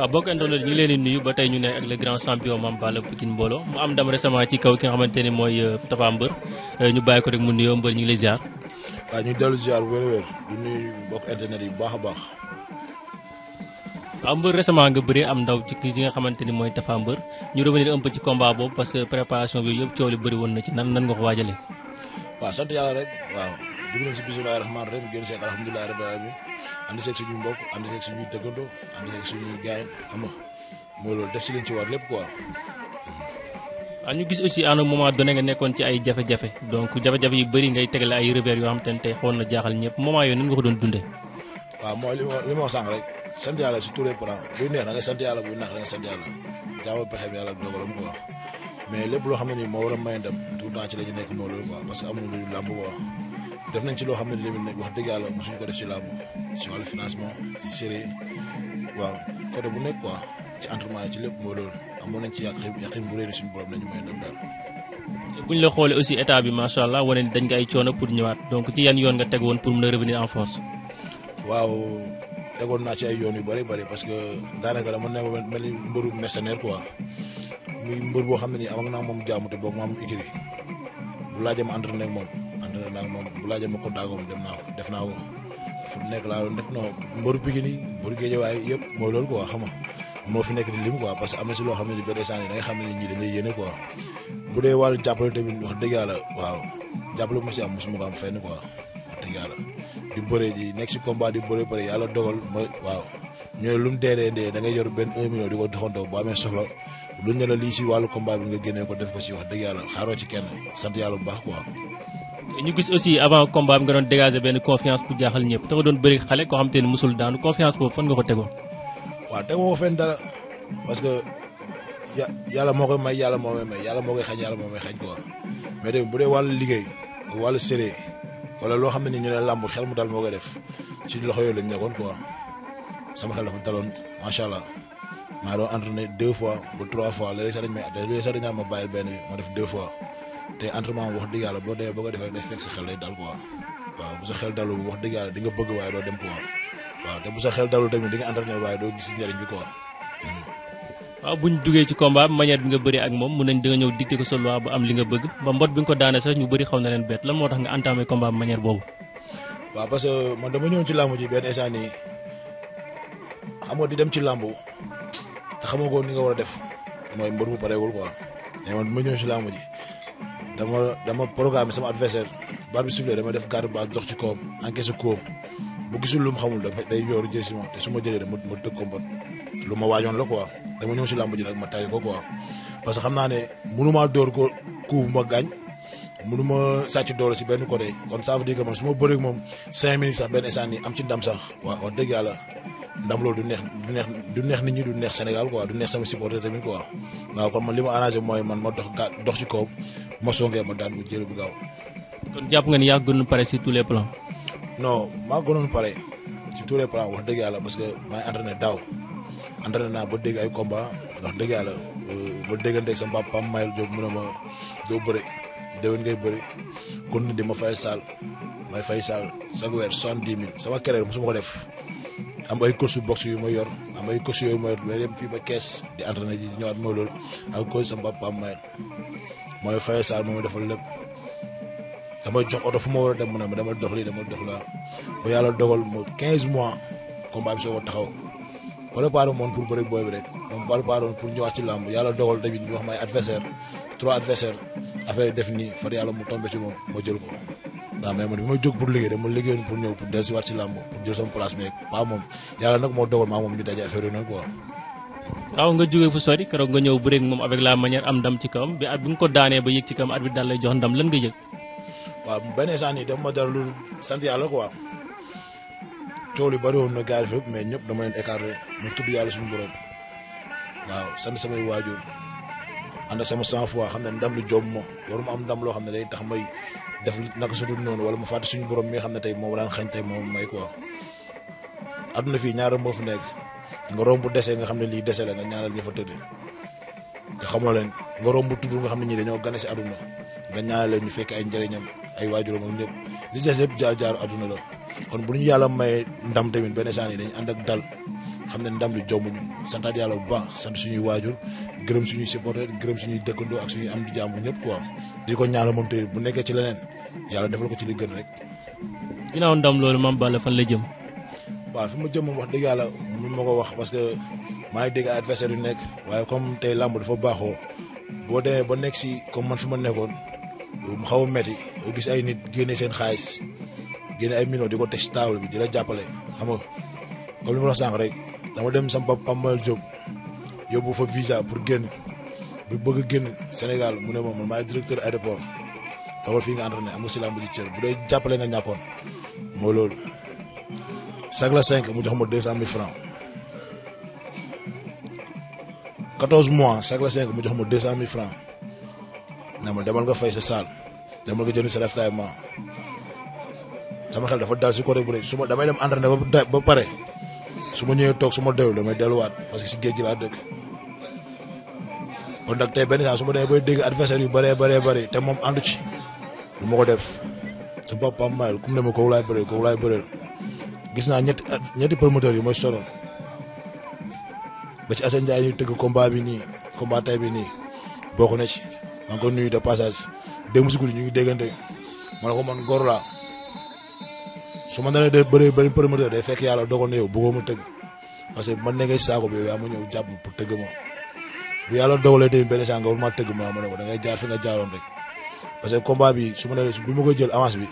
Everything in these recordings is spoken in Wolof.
waaw ah, bokk internet ñu ngi leen di nuyu ba tey ñu ne ak le grand champion Mame Balla Pikine mbooloo mu am ndam récemment ci kaw ki nga xamante ni mooy euh, Tapha Mbeur euh, ñu dellu ziar wér wér di nuyu mbokk internet bu baax a baax. waaw ah, Mbeur récemment nga bëri am ndaw ci nga xamante ni mooy Tapha Mbeur ñu revenir un peu ci combat boobu parce que préparation bi yëpp coow li bëri woon na ci nan nan nga ko waajalee. waaw sant yàlla rek waaw. dugg nañ si bisimilah rahmaani rahim génn seeg alhamdulilah rabbil alamin ànd seeg suñu mbokk ànd seeg suñuy dëggandoo ànd seeg suñuy gaayen xam nga loolu def si liñ ci war lépp quoi. waaw ñu gis aussi à nga nekkoon ci ay donc jafe-jafe yu bëri ngay tegale ay revers yoo xam te ne tey na jaaxal ñëpp moment yooyu ko doon dundee. waaw mooy rek sant yàlla si tous les plans buy neex lépp loo xam ne nii moo war a may ndam nekk moo loolu quoi def nañ ci loo xam ne tamit nag wax dëgg yàlla mosuñ ko def ci làmb ci wàllu financement ci série waaw côté bu nekk quoi ci entraînement yi ci lépp mooy loolu amoon nañ ci yàq yàqin bu réer suñu borom la ñu may dem daal. bu ñu la xoolee aussi état bi macha allah wane ni dañ nga ay coono pour ñëwaat donc ci yan yoon nga teg woon pour mën a revenir en force. waaw tegoon naa ci ay yoon yu bëri bëri parce que daanaka dama ne ma mel ni mbëru mercenaire quoi muy mbër boo xam ne nii am naa moom jaamu te boog ma am écurie bu laajee ma entraîné ak moom. entraîné naa moom bu laajee ma contact dem naa ko def naa ko fu nekk laa doon def non mbaru Pikine mbaru Géejawaay yëpp mooy loolu quoi xam nga moo fi nekk di lim quoi parce que am si loo xam ne ba desaan yi da xam ne nit ñi da ngay yéene quoi bu dee wàllu jàppale tamit wax dëgg yàlla waaw jàppale ma si am mosuma ko am fenn quoi wax dëgg yàlla di bëre ji nekk si di bëre yàlla dogal ma waaw ñooy lu mu dee dee dee da ngay yor benn un million di ko doxantoo boo amee soxla lu ñu ne lii si wàllu combat bi nga génnee ko def ko si wax dëgg yàlla xaaroo ci kenn sant yàlla bu baax quoi Nous gis aussi avant combat bi nga doon dégager benn confiance pour jaaxal ñëpp te doon bëri xale koo xam te ne musul daanu confiance boobu fan nga ko tegoon. waaw tegoo fenn dara parce que yàlla moo koy may yàlla moo may may yàlla moo koy xañ yàlla moo may xañ quoi mais dégg bu dee wàllu liggéey wàllu wala loo xam ne ñu ne làmb xel mu dal moo koy def ci loxo yooyu quoi sama xel dafa daloon macha allah maa entraîné deux fois ba trois fois léeg-léeg sax dañ may léeg-léeg sax dañ ma def deux fois. te entraînement wax dëgg yàlla boo demee bëgg a def rek day fekk sa xel day dal quoi waaw bu sa xel dalu wax dëgg yàlla di nga bëgg waaye doo dem quoi waaw te bu sa xel dalu tamit di nga entraîné waaye doo gis njëriñ bi quoi waaw buñ duggee ci combat bi manière bi nga bëri ak moom mun nañ da nga ñëw dicté ko sa loi ba am li nga bëgg ba mbot bi nga ko daanee sax ñu bëri xaw na leen bett lan moo tax nga entamé combat manière boobu waaw parce que man dama ñëw ci làmb ji benn instant nii xamoo di dem ci làmb te xamoo ko ni nga war a def mooy mbër bu pareewul quoi mais man dama ñëw ci làmb ji dama dama programme sama adversaire bar bi soufflé dama def garde ba dox ci kawam encaissé kawam bu gisul lu mu xamul dama day yooru jël si ma te su ma jëlee dama ma tëg combat lu ma waajoon la quoi dama ñëw si làmb ji nag ma tari ko quoi parce que xam naa ne mënumaa dóor ko coup bu ma gaañ mënuma sàcc doole si benn côté kon ça veut dire que man su ma bëreeg moom cinq minutes sax benn instant nii am ci ndam sax waaw wax dëgg yàlla ndam loolu du neex du neex du neex nit ñi du neex Sénégal waa du neex sama supporter tamit quoi waaw kon man li ma arrangé mooy man ma dox dox ci kawam ma songee ma daan ko jël bu gaaw. kon jàpp nga ni yaa gënoon pare si tous les plans. non maa gënoon pare si tous les wax dëgg yàlla parce que maay entraîné daaw entraîné naa ba dégg ay combat wax dëgg yàlla euh, ba dégganteeg sama sa Pam Mayel Diop mu ne ma doo bëri déwén ngay bëri kon di ma fay saal may fay saal chaque weer soixante-dix mille sama carrière mosuma ko def. am ay course box yu ma yor am ay course yooyu ma yor may dem fii ba kees di entraîné ji ñëwaat mooy loolu ak cause sama papa mayen mooy Faye Sarr moom defal lépp dama jox oto fu ma war a dem mu ne ma dama dox lii dama dox laa ba yàlla dogal mo 15 mois combat bi soo ko taxaw préparé moon pour bëri booy bi rek moom préparé woon pour ñëwaat ci làmb yàlla dogal tamit ñu wax may adversaire trois adversaire affaire def nii far yàlla mu tombé ci moom moo jël ko waaw mais man bi may jóg pour liggéey dama liggéeyoon pour ñëw pour dellusiwaat si làmb pour jël sama place mais pas moom yàlla nag moo dogal maa moom ñu daje affaire yi noonu quoi. waaw nga jógee fu sori keroog nga ñëw bëreeg moom avec la manière am ndam ci kawam bi at bi nga ko daanee ba yëg ci kawam at bi daal lay jox ndam lan nga yëg. waaw benn instant nii daf ma dara lu sant yàlla quoi tool yi bëri woon na gars yi mais ñëpp dama leen écarté ma yàlla suñu borom waaw sant samay waajur ànd ak sama sang fois xam ne ndam lu jom moom waru ma am ndam loo xam ne day tax may def naka su noonu wala mu fàtte suñu borom mi nga xam ne tey moom daan xañ tey moom may quoi àdduna fii ñaara moo fi nekk nga romb dese nga xam ne lii dese la nga ñaanal ñi fa tëdd te xamoo leen nga romb tudd nga xam ne ñi dañoo gane si àdduna nga ñaanal leen ñu fekk ay njëriñam ay waajuram ak ñëpp li des lépp jaar jaaru àdduna la kon bu ñu yàlla may ndam tamit benn saan yi dañ ànd ak dal xam ne ndam lu jomb ñu sant ak yàlla bu baax sant suñuy waajur gërëm suñuy supporter gërëm suñuy dëkkandoo ak suñuy am di jàmm ñëpp quoi di ko ñaanal moom tey bu nekkee ci leneen yàlla defal ko ci li gën rek ginaaw ndam loolu mam balla fan la jëm waaw fi ma jëm moom wax dëgg yàlla mu ma ko wax parce que maa ngi dégg adversaire yu nekk waaye comme tey lamb dafa baaxoo boo demee ba nekk si comme man fi ma nekkoon mu xaw a metti gis ay nit génne seen xaalis génne ay millions di ko teg si table bi di la jàppale xam nga comme li ma wax sànq rek dama dem sama papa mal job yóbbu fa visa pour guen bi bëgg guen senegal Sénégal mu ne ma man directeur aéroport taw fi nga entraîné am nga si di ji cër bu dee jàppale nga ñàkkoon mo lol sag la cinq mu jox mo 200000 francs 14 mois sag la cinq mu jox mo 200000 francs na ma demal nga fay sa sal demal nga jëni sa ravitaillement sama xel dafa dal ci côté bu rek suma damay dem entraîné ba paré suma ma ñëwee toog su ma doyul damay delluwaat parce que si géej gi laa dëkk kon nag tey benn saa su ma demee bay dégg adversaire yu bëree bëree bëri te moom àndu ci lu ma ko def sama papa mayel kum mu ne ma kooku laay bëree kooku laay bëree gis naa ñetti ñetti promoteur yu mooy soron ba ci Assane jaay ñu tëgg combat bi nii combat tey bi nii bokk na ci maa ngi ko nuyu de passage démb si guddi ñu ngi déggante ma ne ko man gor laa su ma nee de bëree benn promoteur day fekk yàlla dogal na yow bëggoo tëgg parce que man ne ngay saako bi yaa ma ñëw jàpp pour tëgg ma bu yàlla dogalee tamit benn saa nga war maa tëgg ma ma ne ko da ngay jaar fi nga jaaroon rek parce que combat bi su ma nee bi ma ko jël avance bi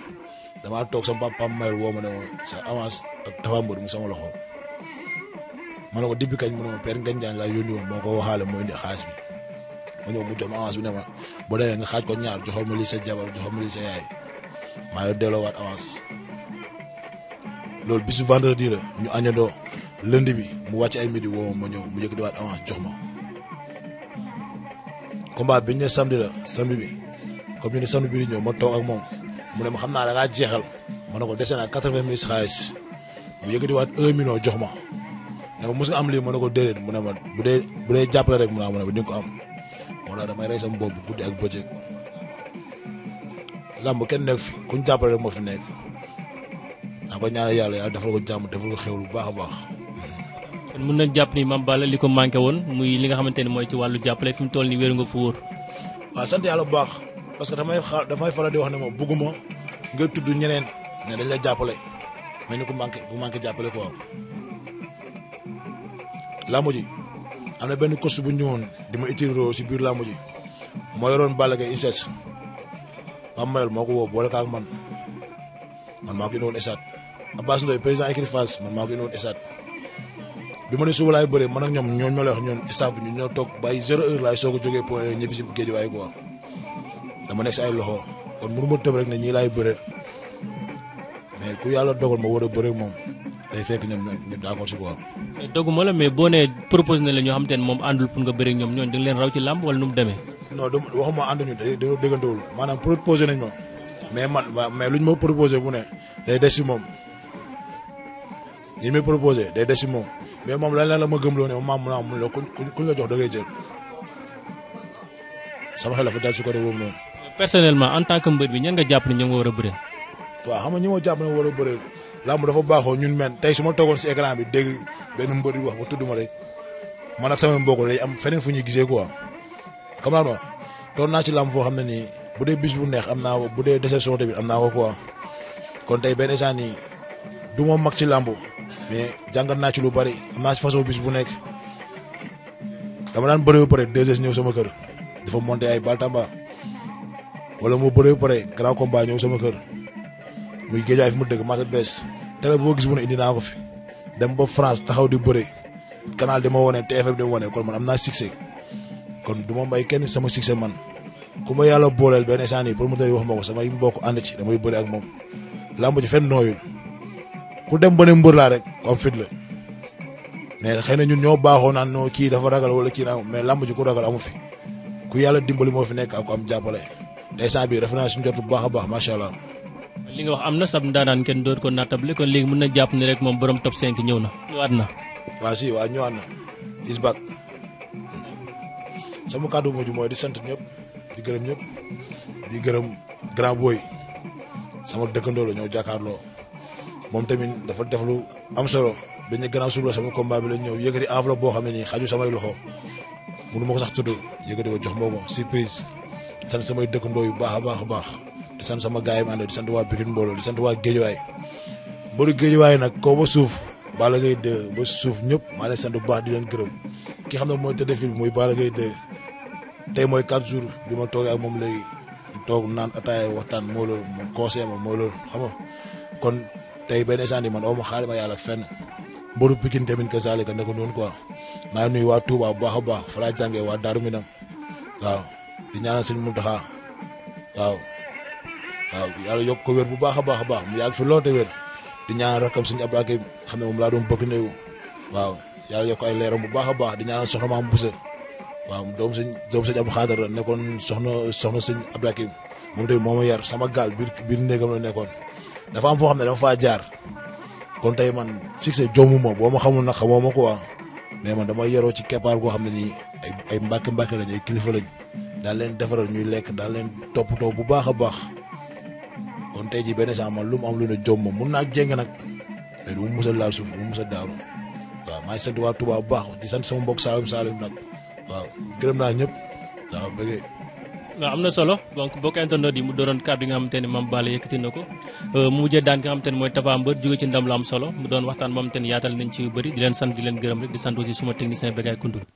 damaa toog sama papa Mayel woo ma ne ma sa avance ak Tapha Mbeur mu sama loxo ma ne ko depuis kañ mu ne ma père Ngagne Diagne laa moo ko waxaale ma ñëw mu jox ma avance bi ne ma boo demee nga xaaj ko ñaar joxal ma lii sa jabar joxal ma lii sa yaay maa ngi delloowaat loolu bisu vendredi la ñu añadoo lundi bi mu wàcc ay midi woo ma ñëw mu yëkkatiwaat avance jox ma combat bi ñu ne samedi la samedi bi comme ñu ne samedi bi ma toog ak moom mu ne ma xam naa da jeexal ma ne ko dese naa quatre-vingt mille xaalis mu yëkkatiwaat un million jox ma ne ma mos am lii ma ne ko déedéet mu ne ma bu dee bu dee jàppale rek mu ne ma di ko am moo tax damay rey sama bopp guddi ak bëccëg làmb kenn nekk fi ku ñu jàppale rek moo fi nekk. naa ñaanal yàlla yàlla ya, ya, defal ko jàmm defal ko xew lu baax a baax kon mën na jàpp ni mam bala li ko manqué woon muy li nga xamante ni mooy ci wàllu jàppale fi mu toll ni wéeru nga fu wóor waaw sant yàlla bu baax parce que damay xa damay faral di wax ne ma bugguma nga tudd ñeneen ne dañ la jàppale mais ni ku manqué ku manqué jàppale quoi lamb ji am na benn course bu ñëwoon di ma utiliser si biir lamb ji moo yoroon Balla Gaye incest Pape Mayel moo ko woo boole man man maa ko indiwoon estate Abass Ndoye président écurie man maa ko indi bi ma ne suba laay bëree man ak ñoom ñoo ñoo lay wax ñoom stade bi ñu ñoo toog bàyyi zéro heure laay soog a jógee point ñibbi si géej waaye quoi dama nekk si ay loxo kon mënu ma tëb rek ne ñii laay bëree mais ku yàlla dogal ma war a bëree moom day fekk ñoom ñu d'accord si quoi. mais ma la mais boo nee proposé na la ñoo xam te moom àndul pour nga bëree ñoom ñooñ da leen raw ci làmb wala nu mu demee. non du waxuma ànduñu day day déggantewul mais man mais ma proposé bu ne day des si ñi muy proposé day des si moom mais moom lan la la ma gëmloo ne maam mu ne ah sama xel dafa si côté boobu noonu. en tant que mbër bi ñan jàpp ne ñoom nga a bëree. waaw xam nga ñi ma jàpp ne war a bëree làmb baaxoo ñun meen tey su ma toogoon si écran bi dégg benn mbër yi wax ba tudd ma rek man ak sama mbokk day am feneen fu ñuy gisee quoi xam naa ma toog naa ci làmb foo xam ne nii bu dee bis bu neex am naa bu dee déception bi am naa ko quoi kon tey benn instant nii du ma mag ci làmb mais jàngat naa ci lu bari am naa ci façon bis bu nekk dama daan bëre ba deux heures ñëw sama kër dafa monté ay baltamba wala mu bëre ba pare grand combat ñëw sama kër muy géejaay fi mu dëgg mata bees télé boo gis bu ne indi naa ko fi dem ba France taxaw di bëre canal di ma wone TFM di ma wone kon man am naa succès kon du ma may kenn sama succès man ku ma yàlla booleel benn instant nii promoteur wax ma ko mbokk ànd ci damay bëri ak moom làmb ci fenn nooyul ku dem ba ne mbër laa rek ku am fit la mais xëy na ñun ñoo baaxoo naan noo kii dafa ragal wala kii naa mais làmb ji ku ragal amu fi ku yàlla dimbali moo fi nekk ak ku am jàppale tey bii rafet naa suñu jot baax a baax macha allah. li nga wax am na sab ndaanaan kenn door ko naatable kon léegi mën na jàpp ni rek moom borom top 5 ñëw na ñëwaat na. waa si waa ñëwaat na is back sama kàddu mujj mooy di sant ñëpp di gërëm ñëpp di gërëm grand boy sama dëkkandoo la ñëw jàkkaarloo. moom tamit dafa def lu am solo benn gannaaw suba sama combat bi la ñëw yëkkati enveloppe boo xam ne nii xaju samay loxo nu ma ko sax tudd yëkkati ko jox ma ko surprise sant samay dëkkandoo yu baax a baax a baax di sama gars yi ma ànd di sant waa Pikine mbooloo di sant waa Géejawaay mboolu Géejawaay nag kaw suuf Balla Gaye 2 ba suuf ñëpp maa leen sant bu baax di leen gërëm ki xam ne mooy tëdd fil muy Balla Gaye 2 tey mooy 4 jours bi ma toogee moom lay toog naan ataaya waxtaan moo loolu mu conseillé ma moo loolu xam nga kon tey benn sànni man o mo xaar ma yàlla ya fenn mburu pikin tamit que zalika ne ko noonu quoi ma nuy wa tuba ba ba fala jange wa daru Minam waaw di ñaanal sëñ Mountakha waaw waaw yalla yok ko wer bu baakha baakha baax mu yag fi lool te wér di ñaanal rakam sëñ ya Abdou xamne mom la doon bëgg neew waaw yalla yok ay leeram bu baakha baax di ñaanal soxna maam buse waaw doom sëñ doom sëñ Abdou Khader la nekkoon soxna soxna sëñ Abdou Akim de tamit yar sama gal bir bir néegam la nekkon dafa am foo xam ne dafa faa jaar kon tey man succès jommu ma boo ma xamul nag xamoo ma quoi mais man dama yoroo ci keppaar goo xam ne nii ay ay mbàkk mbàkk lañ ay kilifa lañ daal leen defaral ñuy lekk daal leen toppatoo bu baax a baax kon tey jii benn saa lu mu am lu ne jomm mun naa jéng nag mais du mu suuf du mus a maa ngi sant waa Touba bu baax di sant sama mbokk Saloum Saloum nag waaw gërëm naa ñëpp waaw amna solo donc bokk entendo di mu doron kaddu nga xamanteni mam balé yëkëti nako euh mu mujjé dan nga xamanteni moy tafa mbeur jogé ci ndam lu am solo mu doon waxtaan mam ten yaatal nañ ci bëri di leen sant di leen gërëm rek di sant aussi suma technicien bégay kundul